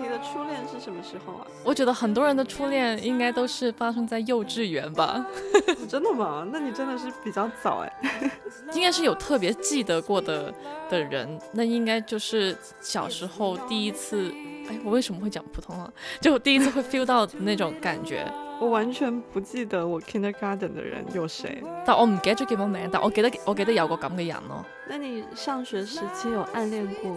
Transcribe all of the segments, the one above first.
你的初戀是什麼時候啊？我覺得很多人的初戀應該都是發生在幼稚園吧。 真的嗎？那你真的是比較早哎。 應該是有特別記得過的的人，那應該就是小時候第一次。哎，我為什麼會講普通話？就我第一次會 feel 到那種感覺。 我完全不記得我 kindergarten 的人有誰。但我唔記得我記得我有過咁嘅人哦。那你上學時期有暗戀過？.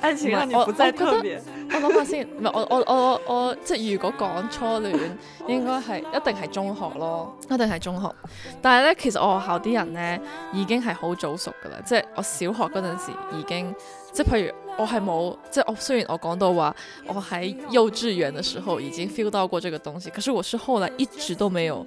愛 情我真係覺得， 我諗下先，唔係我我我我，我即係如果講初戀，應該係一定係中學咯，一定係中學。但係咧，其實我學校啲人咧，已經係好早熟噶啦，即係我小學嗰陣時已經，即係譬如我喺冇即係我雖然我講到話，我喺幼稚園嘅時候已經 feel 到過這個東西，可是我是後來一直都沒有。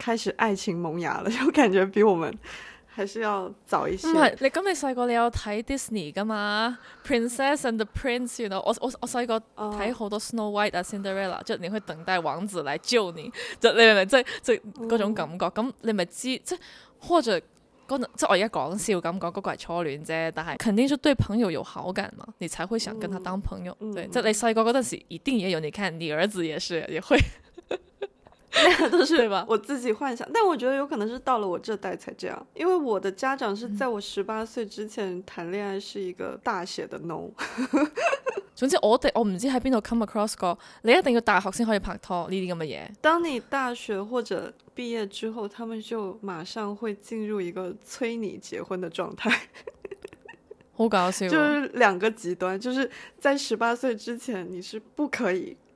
開始愛情萌芽了，就感覺比我們還是要早一些。唔、嗯、係，你咁你細個你有睇 Disney 噶嘛？Princess and the Prince 然後 you know? 我我我細個睇好多 Snow White 啊 Cinderella，即係、哦、你會等待王子來救你，嗯、就你明唔明即係即係嗰種感覺？咁、嗯、你咪知即係或者嗰即係我講、那個、而家講笑咁講個係初戀啫，但係肯定就對朋友有好感嘛，你才會想跟他當朋友。即、嗯、係你細個嗰陣時一定也有，你看你兒子也是也會。 yeah, 都是對吧？我自己幻想，但我覺得有可能是到了我這代才這樣，因為我的家長是在我十八歲之前談戀愛是一個大寫的 no、嗯。 總之，我哋我唔知喺邊度 come across 過，你一定要大學先可以拍拖呢啲咁嘅嘢。當你大學或者畢業之後，他們就馬上會進入一個催你結婚的狀態。 好搞笑、哦，就是兩個極端，就是在十八歲之前你是不可以。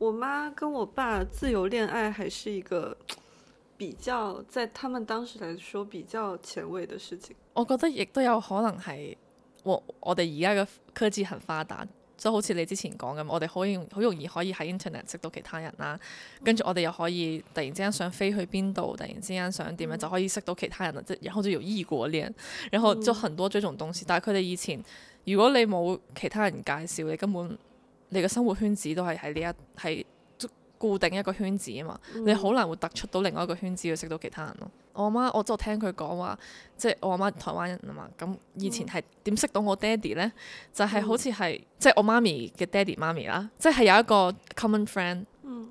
我媽跟我爸自由戀愛，還是一個比較在他們當時來說比較前衛的事情。我覺得亦都有可能係我我哋而家嘅科技很發達，就好似你之前講咁，我哋好容好容易可以喺 internet 識到其他人啦，嗯、跟住我哋又可以突然之間想飛去邊度，突然之間想點樣，就可以識到其他人啦，即、嗯、然後就有異國戀，然後就很多這種東西。嗯、但係佢哋以前，如果你冇其他人介紹，你根本。你嘅生活圈子都係喺呢一係固定一個圈子啊嘛，嗯、你好難會突出到另外一個圈子去識到其他人咯。我阿媽我就係聽佢講話，即係我阿媽台灣人啊嘛，咁以前係點識到我爹哋咧？就係、是、好似係即係我媽咪嘅爹哋媽咪啦，即、就、係、是、有一個 common friend、嗯。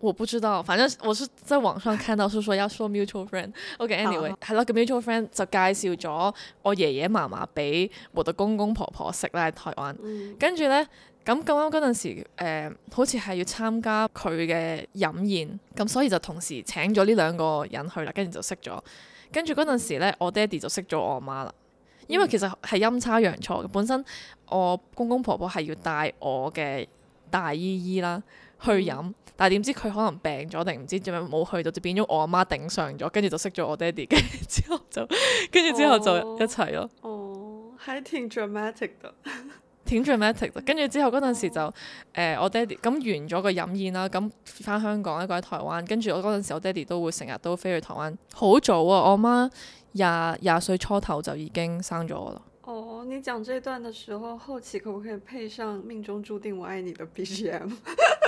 我不知道，反正我是在網上看到，我是說要說 mutual friend。OK，anyway，、okay，係、啊、咯，mutual friend 就介紹咗我爺爺嫲嫲俾我哋公公婆婆識啦，喺台灣。跟、嗯、住呢，咁咁啱嗰陣時，呃、好似係要參加佢嘅飲宴，咁所以就同時請咗呢兩個人去啦，跟住就識咗。跟住嗰陣時呢，我爹哋就識咗我媽啦，因為其實係陰差陽錯，本身我公公婆婆係要帶我嘅大姨姨啦。去飲，但係點知佢可能病咗定唔知點樣冇去到，就變咗我阿媽頂上咗，跟住就識咗我爹哋，跟住之後就，跟住、oh. 之後就一齊咯。哦，係挺 dramatic 的，挺 dramatic 的。跟住之後嗰陣時就誒、oh. 欸、我爹哋咁完咗個飲宴啦，咁翻香港，一個喺台灣，跟住我嗰陣時我爹哋都會成日都飛去台灣。好早啊，我阿媽廿廿歲初頭就已經生咗我啦。哦、oh,，你講這段嘅時候，後期可唔可以配上命中注定我愛你嘅 BGM？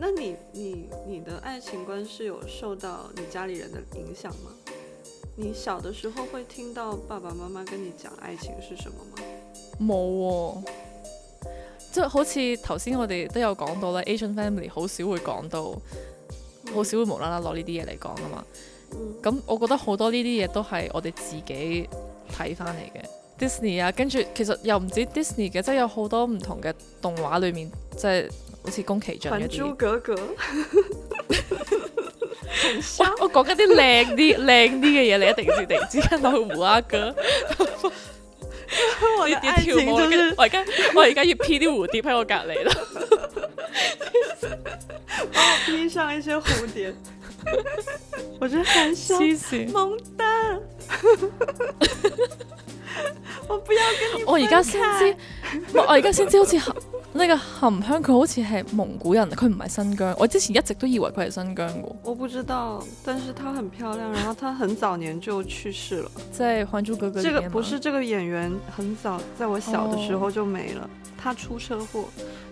那你你你的愛情觀是有受到你家裏人的影響嗎？你小的時候會聽到爸爸媽媽跟你講愛情是什麼嗎？冇、哦，即係好似頭先我哋都有講到啦，Asian Family 好少會講到，好、嗯、少會無啦啦攞呢啲嘢嚟講啊嘛。咁、嗯、我覺得好多呢啲嘢都係我哋自己睇翻嚟嘅，Disney 啊，跟住其實又唔止 Disney 嘅，即、就、係、是、有好多唔同嘅動畫裏面即係。就是好似宮崎駿、還珠格格》 我講緊啲靚啲靚啲嘅嘢，你一定知定知。因為胡阿哥，我而家我而家要 P 啲蝴蝶喺我隔籬咯。我 P 上一些蝴蝶我，我真得好笑，哦，蒙丹。 我不要跟你我而家先知， 我我而家先知，好似含那個含香，佢好似係蒙古人，佢唔係新疆。我之前一直都以為佢係新疆。我我不知道，但是他很漂亮，然後他很早年就去世了，在《還珠格格》這個不是這個演員很早，在我小的時候就沒了，oh. 他出車禍，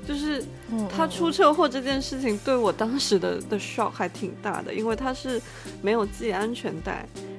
就是他出車禍這件事情對我當時的的 shock 還挺大的，因為他是沒有繫安全帶。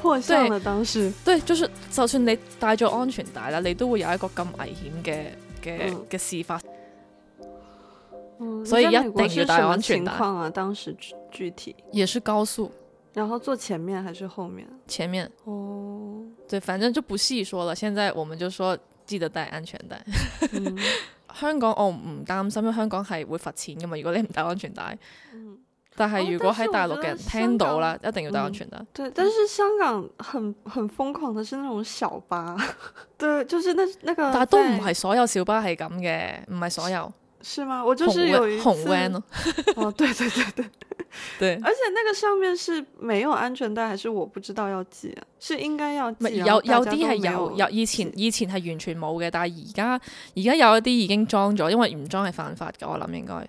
破相啦！當時，對，就算，是，就算你帶咗安全帶啦，你都會有一個咁危險嘅嘅嘅事發、嗯。所以一定要帶安全帶。是情況啊，當時具體也是高速，然後坐前面還是後面？前面哦，oh. 對，反正就不細說了。現在我們就說記得帶安全帶。 嗯、香港我唔擔心，因為香港係會罰錢噶嘛。如果你唔帶安全帶。嗯但係如果喺大陸嘅人聽到啦、哦，一定要戴安全帶、嗯。對，但是香港很很瘋狂嘅是那種小巴，嗯、 對，就是那那個。但都唔係所有小巴係咁嘅，唔係所有。是嗎？我就是紅 van 咯。哦，對 對對對對。對，而且那個上面是沒有安全帶，還是我不知道要記，是應該要記。有有啲係有，有，有以前以前係完全冇嘅，但係而家而家有一啲已經裝咗，因為唔裝係犯法嘅，我諗應該。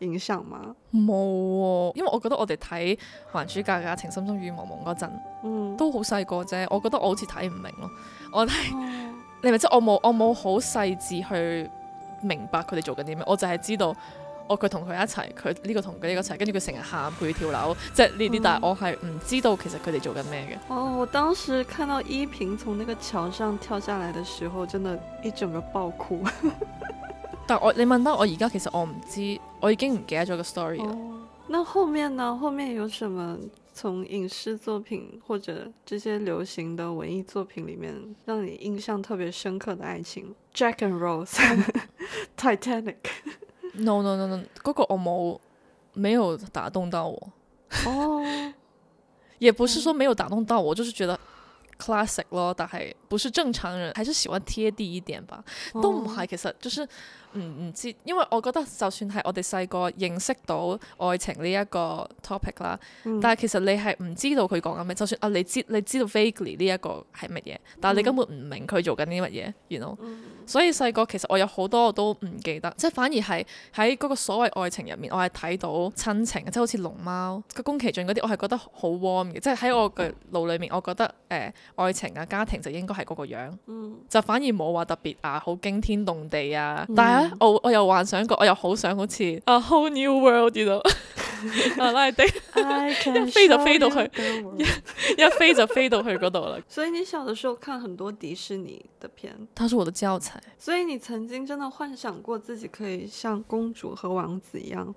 影響嗎？冇、哦，因為我覺得我哋睇《還珠格格》《情深深雨濛濛》嗰陣、嗯，都好細個啫。我覺得我好似睇唔明咯。我睇、哦，你咪即係我冇我冇好細緻去明白佢哋做緊啲咩，我就係知道我佢同佢一齊，佢呢個同佢呢個一齊，跟住佢成日喊佢跳樓，即係呢啲。但係我係唔知道其實佢哋做緊咩嘅。哦，我當時看到依萍從那個橋上跳下來嘅時候，真的一整個爆哭。 但我你問得我而家其實我唔知。我已經唔 get 咗個 story 啦。Oh. 那後面呢？後面有什麼從影視作品或者這些流行的文藝作品裡面讓你印象特別深刻的愛情？Jack and Rose，Titanic，No No No 這個我沒有，沒有打動到我。哦、oh. 也不是說沒有打動到我，mm. 我就是覺得 classic 咯，但還不是正常人，還是喜歡貼地一點吧。Oh. 都唔係，其實就是。唔、嗯、唔知，因為我覺得就算係我哋細個認識到愛情呢一個 topic 啦、嗯，但係其實你係唔知道佢講緊咩。就算啊，你知你知道 vaguely 呢一個係乜嘢，但係你根本唔明佢做緊啲乜嘢，原來 You know?、嗯。所以細個其實我有好多我都唔記得，即、就、係、是、反而係喺嗰個所謂愛情入面，我係睇到親情，即、就、係、是、好似龍貓、個宮崎駿嗰啲，我係覺得好 warm 嘅。即係喺我嘅腦裡面，我覺得誒、呃、愛情啊、家庭就應該係嗰個樣、嗯，就反而冇話特別啊、好驚天動地啊，嗯、但係。啊、我我又幻想過，我又好想好似 A whole new world 啲咁，you know? I can， 一飛就飛到去，一飛就飛到去嗰度啦。所以你小的時候看很多迪士尼的片，它是我的教材。所以你曾經真的幻想過自己可以像公主和王子一樣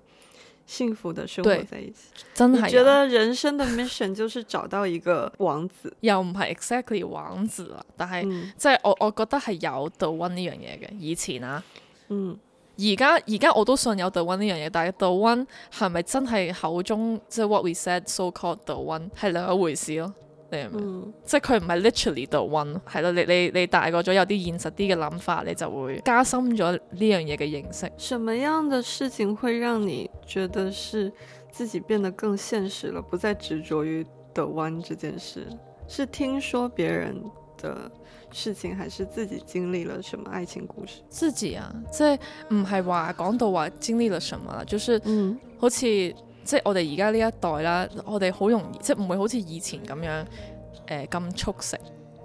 幸福的生活在一起。真的，覺得人生的 mission 就是找到一個王子， 又唔係 exactly 王子啦，但係即係我我覺得係有到 one 呢樣嘢嘅。以前啊。嗯，而家而家我都信有 the one 呢樣嘢，但係 the one 係咪真係口中即係、就是、what we said so called the one 係另一回事咯，你明唔明？即係佢唔係 literally the one，係咯，你你你，你大個咗有啲現實啲嘅諗法，你就會加深咗呢樣嘢嘅認識。什麼樣的事情會讓你覺得是自己變得更現實咯，不再執着於 the one 這件事？是聽說別人的？事情，還是自己經歷了什麼愛情故事？自己啊，即唔係話講到話經歷了什麼啦，就是，嗯，好似即我哋而家呢一代啦，我哋好容易即唔會好似以前咁樣，誒咁速食，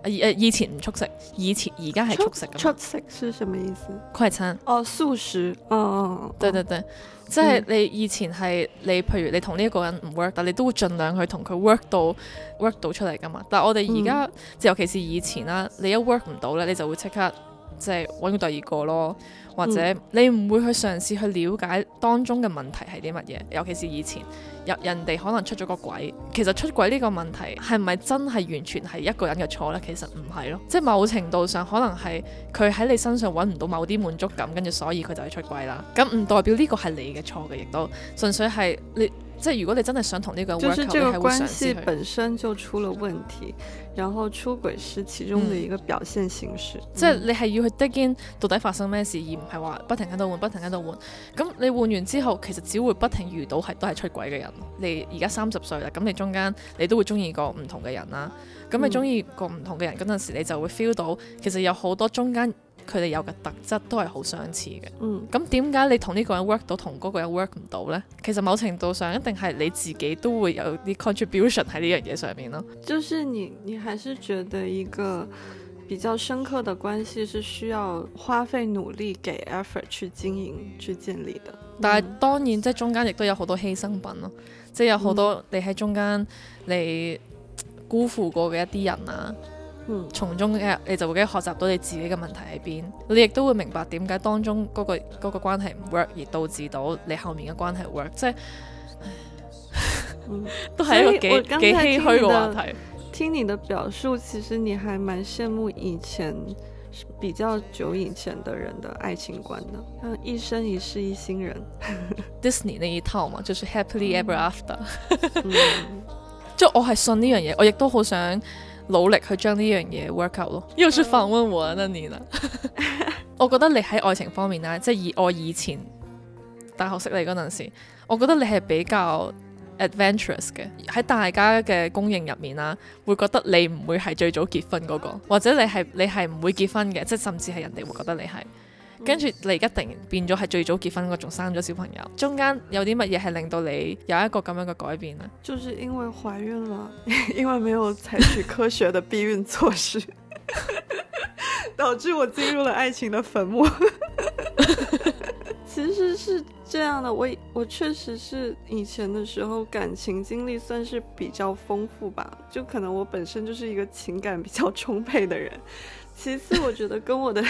以、呃、誒以前唔速食，以前而家係速食。速食是什麼意思？快餐。哦，素食。哦哦，對對對。哦即係你以前係你，譬如你同呢一個人唔 work，但你都會盡量去同佢 work 到，work 到出嚟㗎嘛。但係我哋而家，嗯、尤其是以前啦，你一 work 唔到咧，你就會即刻。即係揾到第二個咯，或者你唔會去嘗試去了解當中嘅問題係啲乜嘢，尤其是以前人哋可能出咗個軌，其實出軌呢個問題係咪真係完全係一個人嘅錯呢？其實唔係咯，即係某程度上可能係佢喺你身上揾唔到某啲滿足感，跟住所以佢就出軌啦。咁唔代表呢個係你嘅錯嘅，亦都純粹係你即係如果你真係想同呢個 work out，呢個關係本身就出了問題。然後出軌是其中的一個表現形式，嗯嗯、即係你係要去 dig in 到底發生咩事，而唔係話不停喺度換，不停喺度換。咁你換完之後，其實只會不停遇到係都係出軌嘅人。你而家三十歲啦，咁你中間你都會中意過唔同嘅人啦。咁你中意過唔同嘅人嗰陣時、嗯，你就會 feel 到其實有好多中間。佢哋有嘅特質都係好相似嘅。嗯，咁點解你同呢個人 work 到，同嗰個人 work 唔到呢？其實某程度上，一定係你自己都會有啲 contribution 喺呢樣嘢上面咯。就是你，你還是覺得一個比較深刻嘅關係，是需要花費努力，給 effort 去經營、去建立的。嗯、但係當然，即中間亦都有好多犧牲品咯，即有好多你喺中間你辜負過嘅一啲人啊。嗯嗯。從中你就會學習到你自己嘅問題喺邊，你亦都會明白點解當中嗰、那個嗰、那個關係唔 work 而導致到你後面嘅關係 work，即係、嗯、都係一個幾幾唏噓嘅話題。聽你的表述，其實你還蠻羨慕以前比較久以前的人的愛情觀的。一生一世一心人 ，Disney 那一套嘛，就是 happily ever after、嗯 嗯。即係我係信呢樣嘢，我亦都好想。努力去將呢樣嘢 work out 咯。又去放溫和啊，一年啦。我覺得你喺愛情方面啦，即係以我以前大學識你嗰陣時，我覺得你係比較 adventurous 嘅。喺大家嘅公認入面啦，會覺得你唔會係最早結婚嗰個，或者你係你係唔會結婚嘅，即係甚至係人哋會覺得你係。跟住你而家突然變咗係最早結婚個，仲生咗小朋友，中間有啲乜嘢係令到你有一個咁樣嘅改變呢？就是因為懷孕啦，因為沒有採取科學的避孕措施， 導致我進入了愛情的墳墓。 其實是這樣的，我我確實是以前的時候感情經歷算是比較豐富吧，就可能我本身就是一個情感比較充沛的人。其次，我覺得跟我的。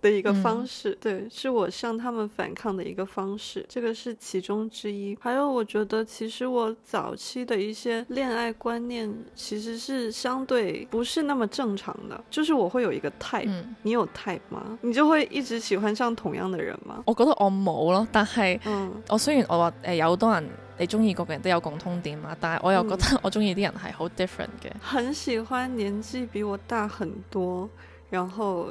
的一個方式、嗯，對，是我向他們反抗的一個方式，這個是其中之一。還有，我覺得其實我早期的一些戀愛觀念其實是相對不是那麼正常的，就是我會有一個 type、嗯。你有 type 嗎？你就會一直喜歡上同樣的人嗎？我覺得我冇咯，但係、嗯，我雖然我話誒、呃、有好多人你中意過嘅人都有共通點嘛，但係我又覺得、嗯、我中意啲人係好 different 嘅。很喜歡年紀比我大很多，然後。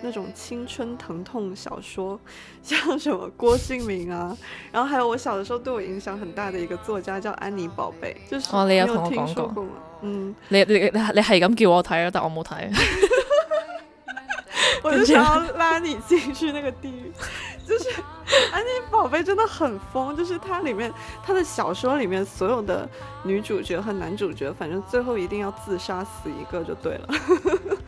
那種青春疼痛小說，像什麼郭敬明啊，然後還有我小的時候對我影響很大的一個作家叫安妮寶貝，就是哦，你有同我講過，聽說過嗎嗯，你你你你係咁叫我睇，但我冇睇， 我就想要拉你進去那個地獄，就是 安妮寶貝真的很瘋，就是它裡面它的小說裡面所有的女主角和男主角，反正最後一定要自殺死一個就對了。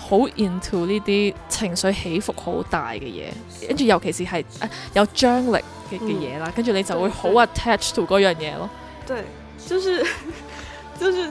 好 into 呢啲情緒起伏好大嘅嘢，跟住尤其是係誒有張力嘅嘅嘢啦，跟住你就會好 attach to 嗰樣嘢咯。對，就是， 就是。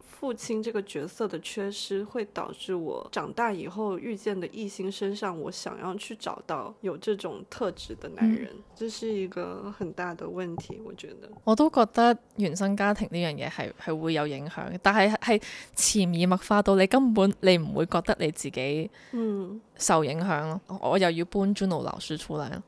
父親這個角色的缺失，會導致我長大以後遇見的異性身上，我想要去找到有這種特質的男人，嗯、這是一個很大的問題。我覺得我都覺得原生家庭呢樣嘢係係會有影響，但係係潛移默化到你根本你唔會覺得你自己受影響咯、嗯。我又要搬 Juno 老師出嚟咯。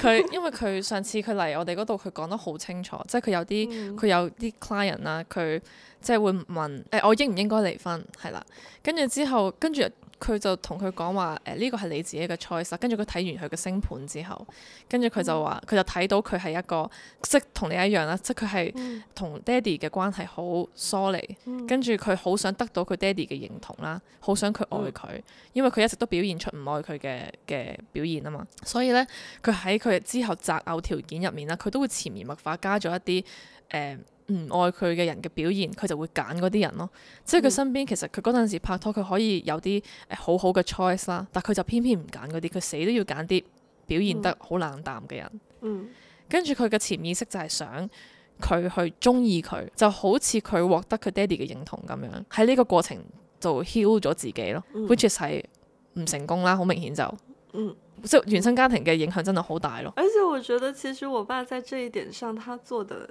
佢、嗯、 因為佢上次佢嚟我哋嗰度，佢講得好清楚，即係佢有啲佢、嗯、有啲 client 啦、啊，佢即係會。問誒、哎，我應唔應該離婚？係啦，跟住之後，後他跟住佢就同佢講話，誒、哎、呢、這個係你自己嘅 choice。跟住佢睇完佢嘅星盤之後，跟住佢就話，佢、嗯、就睇到佢係一個即同你一樣啦，即佢係同爹哋嘅關係好疏離，跟住佢好想得到佢爹哋嘅認同啦，好想佢愛佢、嗯，因為佢一直都表現出唔愛佢嘅嘅表現啊嘛。所以呢，佢喺佢之後擇偶條件入面啦，佢都會潛移默化加咗一啲。誒、呃，唔愛佢嘅人嘅表現，佢就會揀嗰啲人咯。即係佢身邊、嗯，其實佢嗰陣時拍拖，佢可以有啲誒、呃、好好嘅 choice 啦。但佢就偏偏唔揀嗰啲，佢死都要揀啲表現得好冷淡嘅人。嗯嗯、跟住佢嘅潛意識就係想佢去中意佢，就好似佢獲得佢爹哋嘅認同咁樣。喺呢個過程就 heal 咗自己咯。嗯、which is 係唔成功啦，好明顯就，嗯、即係原生家庭嘅影響真係好大咯。而且我覺得其實我爸在這一點上，他做的。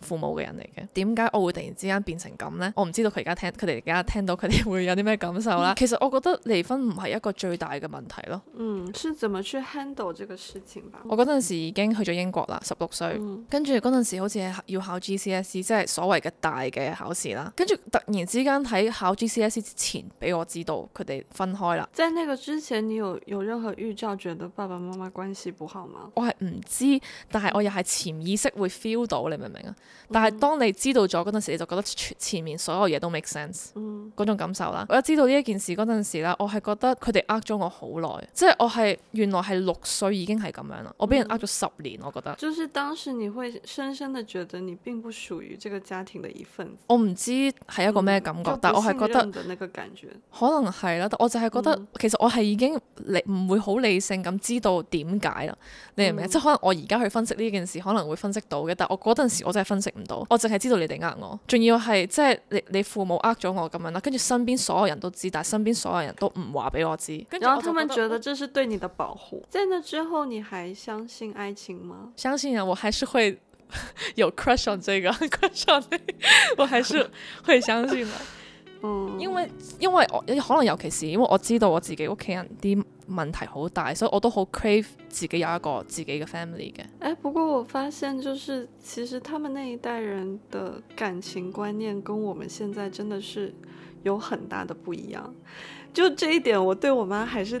父母嘅人嚟嘅，點解我會突然之間變成咁呢？我唔知道佢而家聽，佢哋而家聽到佢哋會有啲咩感受啦、嗯。其實我覺得離婚唔係一個最大嘅問題咯。嗯，是怎麼去 handle 這個事情吧？我嗰陣時已經去咗英國啦，十六歲，嗯、跟住嗰陣時好似係要考 GCSE，即係所謂嘅大嘅考試啦。跟住突然之間喺考 GCSE 之前，俾我知道佢哋分開啦。在呢個之前，你有有任何預兆覺得爸爸媽媽關係不好嗎？我係唔知，但係我又係潛意識會 feel 到，你明唔明啊？但係當你知道咗嗰陣時、嗯，你就覺得前面所有嘢都 make sense，嗰、嗯、種感受啦。我知道呢一件事嗰陣時咧，我係覺得佢哋呃咗我好耐，即、就、係、是、我係原來係六歲已經係咁樣啦，我俾人呃咗十年，我覺得。就是當時你會深深的覺得你並不屬於這個家庭嘅一份子。我唔知係一個咩感、嗯、感覺，但我係覺得可能係啦，但我就係覺得、嗯、其實我係已經唔會好理性咁知道點解啦，你明唔明、嗯？即係可能我而家去分析呢件事可能會分析到嘅，但我嗰陣時、嗯、我就係分。食唔到，我淨係知道你哋呃我，仲要係即係你你父母呃咗我咁樣啦，跟住身邊所有人都知，但係身邊所有人都唔話俾我知。跟住佢們覺得這是對你的保護。在那之後，你還相信愛情嗎？相信啊，我還是會有 crush on 這個，crush on， 我還是會相信啦、啊 因為因為我可能尤其是因為我知道我自己屋企人啲。問題好大，所以我都好 crave 自己有一個自己嘅 family 嘅。哎、欸，不過我發現就是其實他們那一代人的感情觀念跟我們現在真的是有很大的不一樣，就這一點我對我媽還是，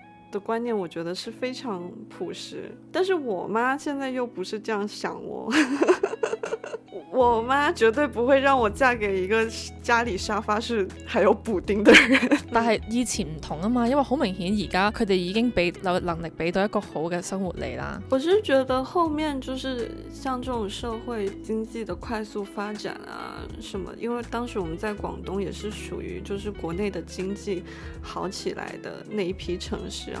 的觀念我覺得是非常樸實，但是我媽現在又不是這樣想我， 我媽絕對不會讓我嫁給一個家裏沙發是還有補丁的人。但係以前唔同啊嘛，因為好明顯，而家佢哋已經俾能力俾到一個好嘅生活嚟啦。我是覺得後面就是像這種社會經濟的快速發展啊，什麼，因為當時我們在廣東也是屬於就是國內的經濟好起來的那一批城市啊。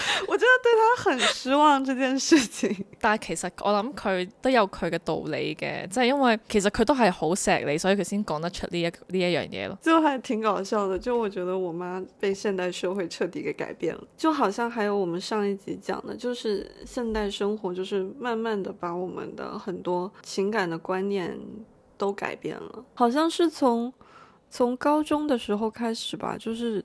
我真的對他很失望，這件事情。 但其實我諗，佢都有佢嘅道理嘅，即係因為其實佢都係好錫你，所以佢先講得出呢一呢一樣嘢咯。就還挺搞笑的，就我覺得我媽被現代社會徹底給改變了，就好像還有我們上一集講的，就是現代生活就是慢慢的把我們的很多情感的觀念都改變了，好像是從從高中的時候開始吧，就是。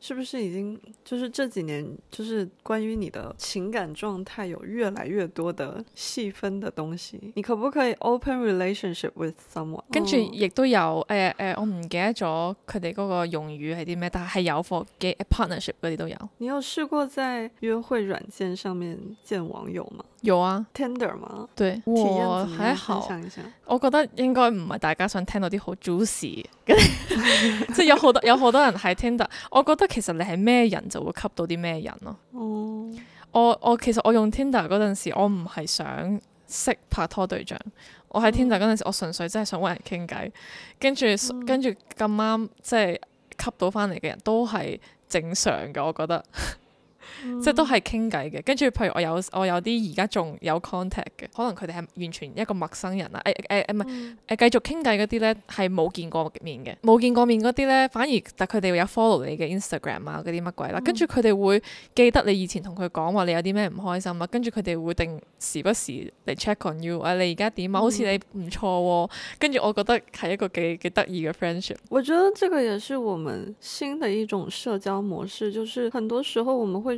是不是已經，就是這幾年，就是關於你的情感狀態有越來越多的細分的東西。你可不可以 open relationship with someone？跟住亦都有，誒、哦、誒、呃呃，我唔記得咗佢哋個用語係啲咩，但係有貨嘅 partnership 嗰啲都有。你有試過在約會軟件上面見網友嗎？有啊，Tinder 嗎？對，我還好。想一想，我覺得應該唔係大家想聽到啲好 juicy，即係 有好多有好多人喺 Tinder，我覺得。其實你係咩人就會吸到啲咩人咯。嗯。我我其實我用 Tinder 嗰陣時，我唔係想識拍拖對象，我喺 Tinder 嗰陣時我純，我純粹真係想搵人傾偈，跟住跟住咁啱即係吸到翻嚟嘅人都係正常嘅，我覺得。嗯、即係都係傾偈嘅，跟住譬如我有我有啲而家仲有 contact 嘅，可能佢哋係完全一個陌生人啦，誒誒誒唔係誒繼續傾偈嗰啲咧，係冇見過面嘅，冇見過面嗰啲咧反而但佢哋會有 follow 你嘅 Instagram 啊嗰啲乜鬼啦，嗯、跟住佢哋會記得你以前同佢講話你有啲咩唔開心啊，跟住佢哋會定時不時嚟 check on you 啊你而家點啊，好似你唔錯喎、哦嗯，跟住我覺得係一個幾幾得意嘅 friendship。我覺得呢個也是我們新的一種社交模式，就是很多時候我們會。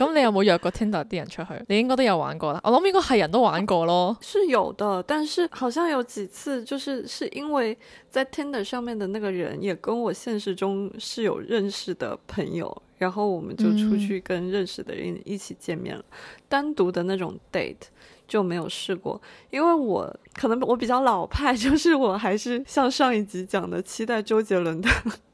咁 你有冇約過 Tinder 啲人出去？你應該都有玩過啦，我諗應該係人都玩過咯。是有的，但是好像有幾次就是是因為在 Tinder 上面的那個人也跟我現實中是有認識的朋友，然後我們就出去跟認識的人一起見面。嗯，單獨的那種 date 就沒有試過，因為我可能我比較老派，就是我還是像上一集講的期待周杰倫的。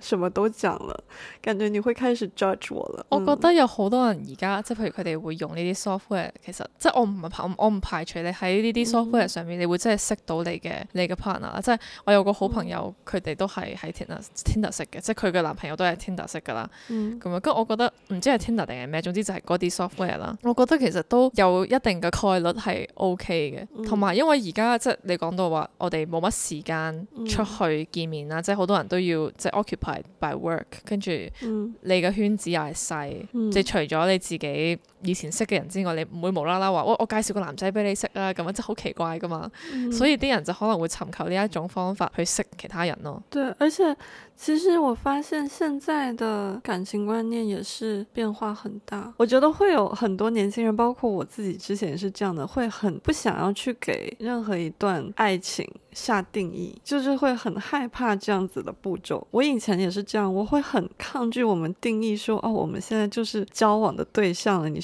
什麼都講了，感覺你會開始 judge 我了。嗯、我覺得有好多人而家即係譬如佢哋會用呢啲 software，其實即係我唔排我唔排除你喺呢啲 software 上面、嗯，你會真係識到你嘅你嘅 partner 啦。即係我有個好朋友，佢、嗯、哋都係喺 Tinder t i n 識嘅，即係佢嘅男朋友都係 Tinder 係 Tinder 識噶啦。咁、嗯、樣，咁我覺得唔知係 Tinder 定係咩，總之就係嗰啲 software 啦。我覺得其實都有一定嘅概率係 OK 嘅，同、嗯、埋因為而家即係你講到話我哋冇乜時間出去見面啦、嗯，即係好多人都要即係 occupy。係，by work 跟住你嘅圈子又係細，即係除咗你自己以前識嘅人之外，你唔會無啦啦話，我我介紹個男仔俾你識啦，咁樣就係好奇怪噶嘛、嗯。所以啲人就可能會尋求呢一種方法去識其他人咯。對，而且其實我發現現在的感情觀念也是變化很大。我覺得會有很多年輕人，包括我自己之前也是這樣的，會很不想要去給任何一段愛情下定義，就是會很害怕這樣子的步驟。我以前也是這樣，我會很抗拒我們定義，說哦，我們現在就是交往的對象了，你，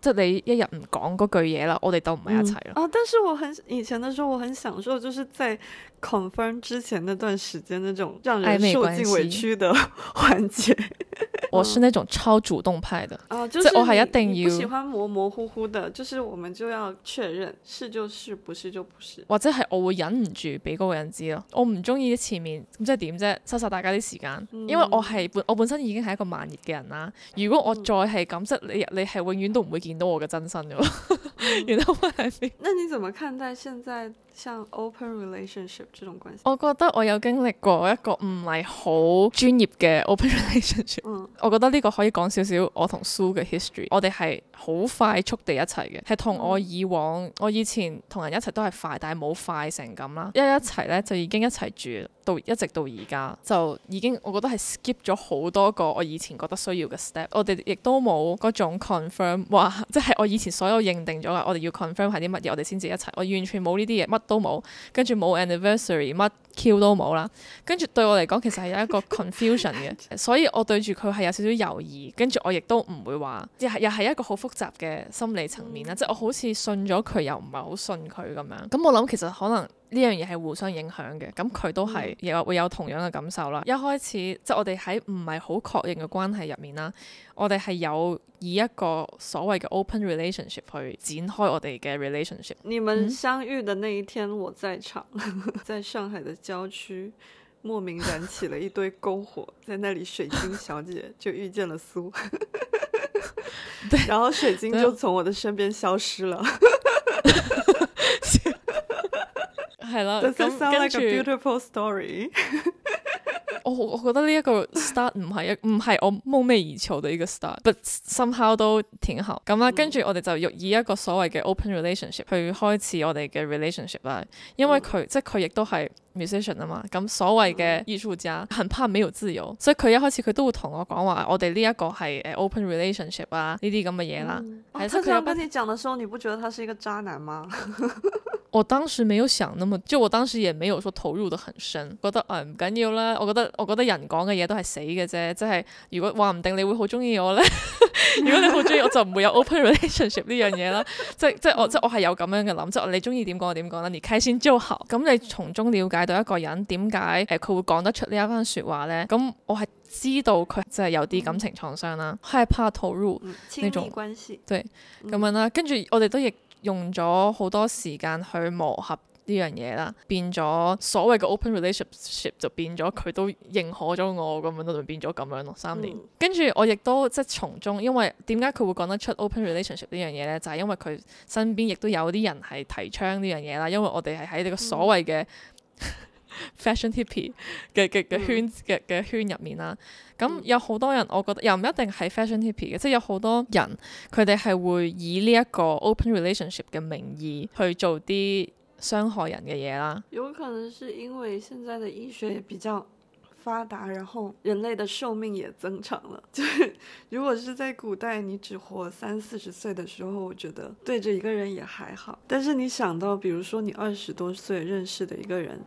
即係你一日唔講嗰句嘢啦，我哋都唔係一齊啦。啊、嗯哦！但是我很以前的時候，我很享受就是在 confirm 之前那段時間那種讓人受盡委屈的環、哎、節。 我算是那種超主動派的，哦就是、即我係一定要喜歡模模糊糊的，就是我們就要確認是就是，不是就不是，或者係我會忍唔住俾嗰個人知咯。我唔中意前面咁即係點啫，收晒大家啲時間、嗯，因為我係本我本身已經係一個慢熱嘅人啦。如果我再係咁、嗯、即係你你係永遠都唔會。見到我嘅真身。㗎 然後係咩？那你怎麼看待現在像 open relationship 這種關係？我覺得我有經歷過一個唔係好專業嘅 open relationship。嗯，我覺得呢個可以講少少我同蘇嘅 history。我哋係好快速地一齊嘅，係同我以往我以前同人一齊都係快，但係冇快成咁啦。因為一齊咧就已經一齊住到一直到而家，就已經我覺得係 skip 咗好多個我以前覺得需要嘅 step。我哋亦都冇嗰種 confirm 哇，即係我以前所有認定咗。我哋要 confirm 係啲乜嘢，我哋先至一齊，我完全冇呢啲嘢，乜都冇，跟住冇 anniversary，乜 kill 都冇啦。跟住對我嚟講，其實係有一個 confusion 嘅， 所以我對住佢係有少少猶豫，跟住我亦都唔會話，又係又係一個好複雜嘅心理層面啦。即、嗯、係、就是、我好似信咗佢，又唔係好信佢咁樣，咁我諗其實可能。呢樣嘢係互相影響嘅，咁佢都係有會、嗯、有，有同樣嘅感受啦。一開始即我係我哋喺唔係好確認嘅關係入面啦，我哋係有以一個所謂嘅 open relationship 去展開我哋嘅 relationship。你們相遇的那一天，我在場，嗯、 在上海的郊區，莫名燃起了一堆篝火，在那裡，水晶小姐就遇見了蘇， 然後水晶就從我的身邊消失了。 係啦，咁、like a beautiful story， 跟住我我我覺得呢一個 start 唔係一唔係我夢寐以求的一個 start，但係 somehow 都挺好。咁啦。跟住我哋就欲以一個所謂嘅 open relationship 去開始我哋嘅 relationship 啦。因為佢、嗯、即係佢亦都係 musician 啊嘛，咁所謂嘅藝術家很怕沒有自由，所以佢一開始佢都會同我講話，我哋呢一個係誒 open relationship 啊呢啲咁嘅嘢啦。喺、嗯哦哦、他這樣跟你講嘅時候，你不覺得他是一個渣男嗎？ 我當時沒有想那麼，即我當時也沒有說投入得很深，覺得誒唔緊要啦。我覺得我覺得人講嘅嘢，都係死嘅啫，即係如果話唔定你會好中意我咧？ 如果你好中意我就唔會有 open relationship 呢樣嘢啦。 即係，即係我即係我係有咁樣嘅諗，即係你中意點講我點講啦，你開心就好。咁你從中了解到一個人點解誒佢會講得出呢一番說話咧？咁我係知道佢即係有啲感情創傷啦，係、嗯、怕投入呢種、嗯、關係，對，咁、嗯、樣啦，跟住我哋都亦。用咗好多時間去磨合呢樣嘢啦，變咗所謂嘅 open relationship 就變咗佢都認可咗我咁樣，就變咗咁樣咯、嗯、三年。跟住我亦都即係從中，因為點解佢會講得出 open relationship 呢樣嘢咧？就係、是、因為佢身邊亦都有啲人係提倡呢樣嘢啦，因為我哋係喺呢個所謂嘅、嗯。 fashion tippy 嘅嘅嘅圈嘅嘅圈入面啦，咁有好多、就是、多人，我覺得又唔一定係 fashion tippy 嘅，即係有好多人佢哋係會以呢一個 open relationship 嘅名義去做啲傷害人嘅嘢啦。有可能是因為現在嘅醫學比較發達，然後人類的壽命也增長了。就是、如果是在古代，你只活三四十歲的時候，我覺得對着一個人也還好。但是你想到，比如說你二十多歲認識的一個人。嗯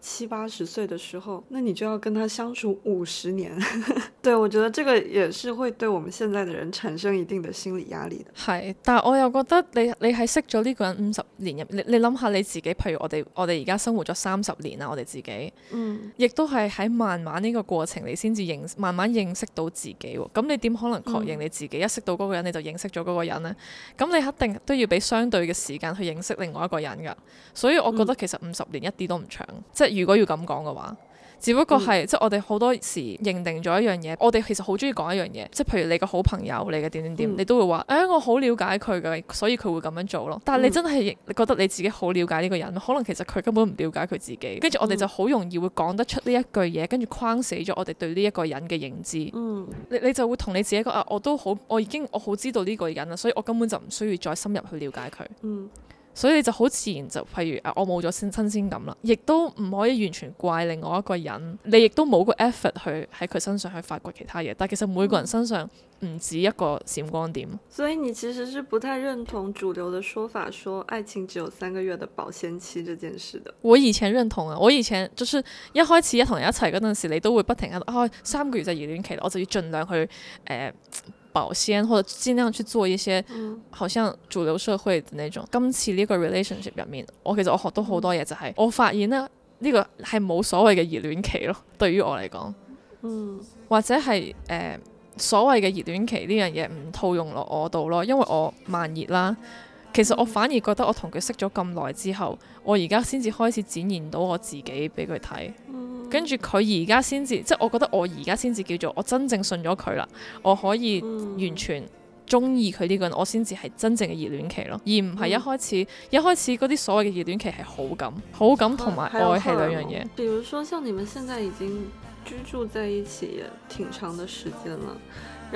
七八十歲的時候，那你就要跟他相處五十年。 對，我覺得這個也是會對我們現在的人產生一定的心理壓力的。係，但係我又覺得你你喺識咗呢個人五十年入，你你諗下你自己，譬如我哋我哋而家生活咗三十年啦，我哋自己，亦、嗯、都係喺慢慢呢個過程你先至認，慢慢認識到自己。咁你點可能確認你自己？嗯、一識到嗰個人你就認識咗嗰個人咧？咁你肯定都要俾相對嘅時間去認識另外一個人噶。所以我覺得其實五十年一啲都唔長，嗯、即如果要咁講嘅話，只不過係、嗯、即係我哋好多時認定咗一樣嘢，我哋其實好鍾意講一樣嘢，即係譬如你個好朋友你嘅點點點，你都會話：哎，我好了解佢嘅，所以佢會咁樣做咯。但係你真係覺得你自己好了解呢個人，可能其實佢根本唔了解佢自己。跟住我哋就好容易會講得出呢一句嘢，跟住框死咗我哋對呢一個人嘅認知。嗯、你你就會同你自己講：我都好，我已經我好知道呢個人啦，所以我根本就唔需要再深入去了解佢。嗯所以你就好自然就，譬如啊，我冇咗新新鮮感啦，亦都唔可以完全怪另外一個人，你亦都冇個 effort 去喺佢身上去發掘其他嘢。但其實每個人身上唔止一個閃光點，所以你其實是不太認同主流的說法，說愛情只有三個月的保鮮期這件事的。我以前認同啊，我以前就是一開始一同人一齊嗰陣時，你都會不停喺度，啊，三個月就熱戀期，我就要盡量去誒。呃保鮮或者盡量去做一些，好像主流社會的那種。嗯、今次呢個 relationship 入面，我其實我學到好多嘢就係、是，我發現咧呢、呢個係冇所謂嘅熱戀期咯，對於我嚟講、嗯。或者係誒、呃、所謂嘅熱戀期呢樣嘢唔套用落我度咯，因為我慢熱啦。其實我反而覺得我同佢識咗咁耐之後，我而家先至開始展現到我自己俾佢睇，跟住佢而家先至，即係我覺得我而家先至叫做我真正信咗佢啦，我可以完全鍾意佢呢個人，嗯、我先至係真正嘅熱戀期咯，而唔係一開始、嗯、一開始嗰啲所謂嘅熱戀期係好感、好感同埋愛係兩樣嘢，啊。比如說，像你們現在已經居住在一起，挺長嘅時間了。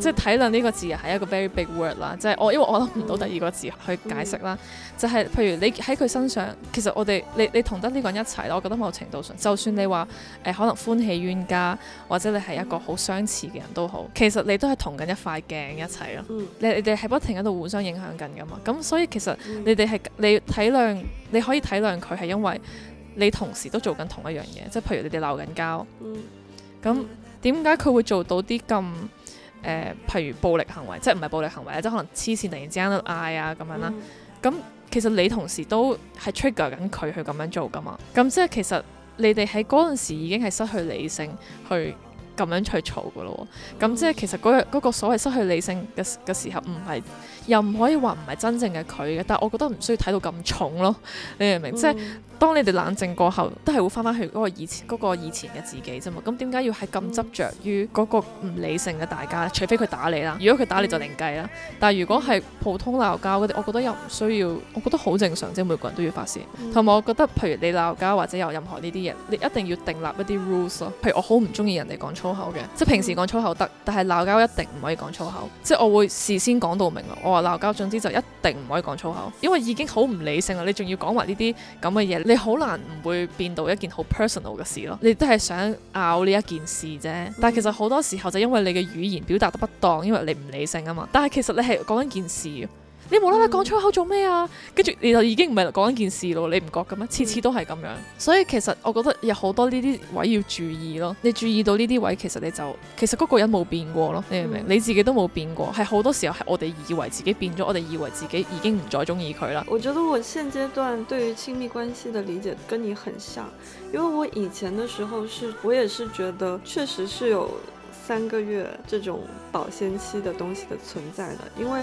即係體諒呢個字係一個 very big word 啦，即、就是、我因為我諗唔到第二個字去解釋啦。就係、是、譬如你喺佢身上，其實我哋你你同得呢個人一齊，我覺得某程度上，就算你話、呃、可能歡喜冤家，或者你係一個好相似嘅人都好，其實你都係同緊一塊鏡一齊咯。你你哋係不停喺度互相影響緊㗎嘛，咁所以其實你哋係你體諒你可以體諒佢係因為你同時都做緊同一樣嘢，即係譬如你哋鬧緊交，咁點解佢會做到啲咁？誒、呃，譬如暴力行為，即係唔係暴力行為咧，即係可能黐線，突然之間都嗌啊咁樣啦。咁、嗯、其實你同時都係 trigger 緊佢去咁樣做噶嘛。咁即係其實你哋喺嗰陣時已經係失去理性去咁樣去吵噶咯。咁即係其實嗰、嗰個嗰個所謂失去理性嘅嘅時候唔係。又唔可以話唔係真正嘅佢嘅，但係我覺得唔需要睇到咁重咯，你明唔明？Mm-hmm. 即係當你哋冷靜過後，都係會翻翻去嗰個以前、嗰、嗰個、以前嘅自己啫嘛。咁點解要係咁執着於嗰個唔理性嘅大家？除非佢打你啦，如果佢打你就另計啦。Mm-hmm. 但係如果係普通鬧交嗰啲，我覺得又唔需要，我覺得好正常，即係每個人都要發泄。同、mm-hmm. 埋我覺得，譬如你鬧交或者有任何呢啲嘢，你一定要訂立一啲 rules 咯。譬如我好唔中意人哋講粗口嘅，即係平時講粗口得，mm-hmm. 但係鬧交一定唔可以講粗口。即係我會事先講到明鬧交，總之就一定唔可以講粗口，因為已經好唔理性啦。你仲要講埋呢啲咁嘅嘢，你好難唔會變到一件好 personal 嘅事咯。你都係想拗呢一件事啫，嗯，但係其實好多時候就因為你嘅語言表達得不當，因為你唔理性啊嘛。但係其實你係講緊件事。你冇啦啦講粗口做咩啊？跟、嗯、住你就已經唔係講一件事咯，你唔覺嘅咩？次次都係咁樣，嗯，所以其實我覺得有好多呢啲位要注意咯。你注意到呢啲位，其實你就其實嗰個人冇變過咯，你明唔明、嗯？你自己都冇變過，係好多時候係我哋以為自己變咗，我哋以為自己已經唔再中意佢啦。我覺得我現階段對於親密關係的理解跟你很像，因為我以前嘅時候是，我也是覺得確實是有三個月這種保鮮期的東西的存在的，因為，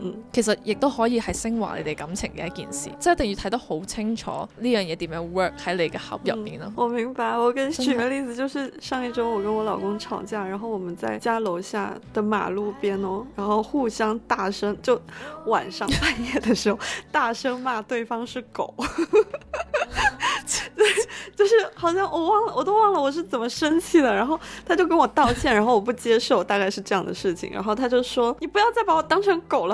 嗯、其實亦都可以係升華你哋感情嘅一件事，即係一定要睇得好清楚呢樣嘢點樣 work 喺你嘅盒入面咯、嗯。我明白，我跟你舉個例子，就是上一周我跟我老公吵架，然後我們在家樓下的馬路邊哦，然後互相大聲，就晚上半夜的時候 大聲罵對方是狗， 對，就是好像我忘了，我都忘了我是怎麼生氣的。然後他就跟我道歉，然後我不接受，大概是這樣的事情。然後他就說：你不要再把我當成狗了。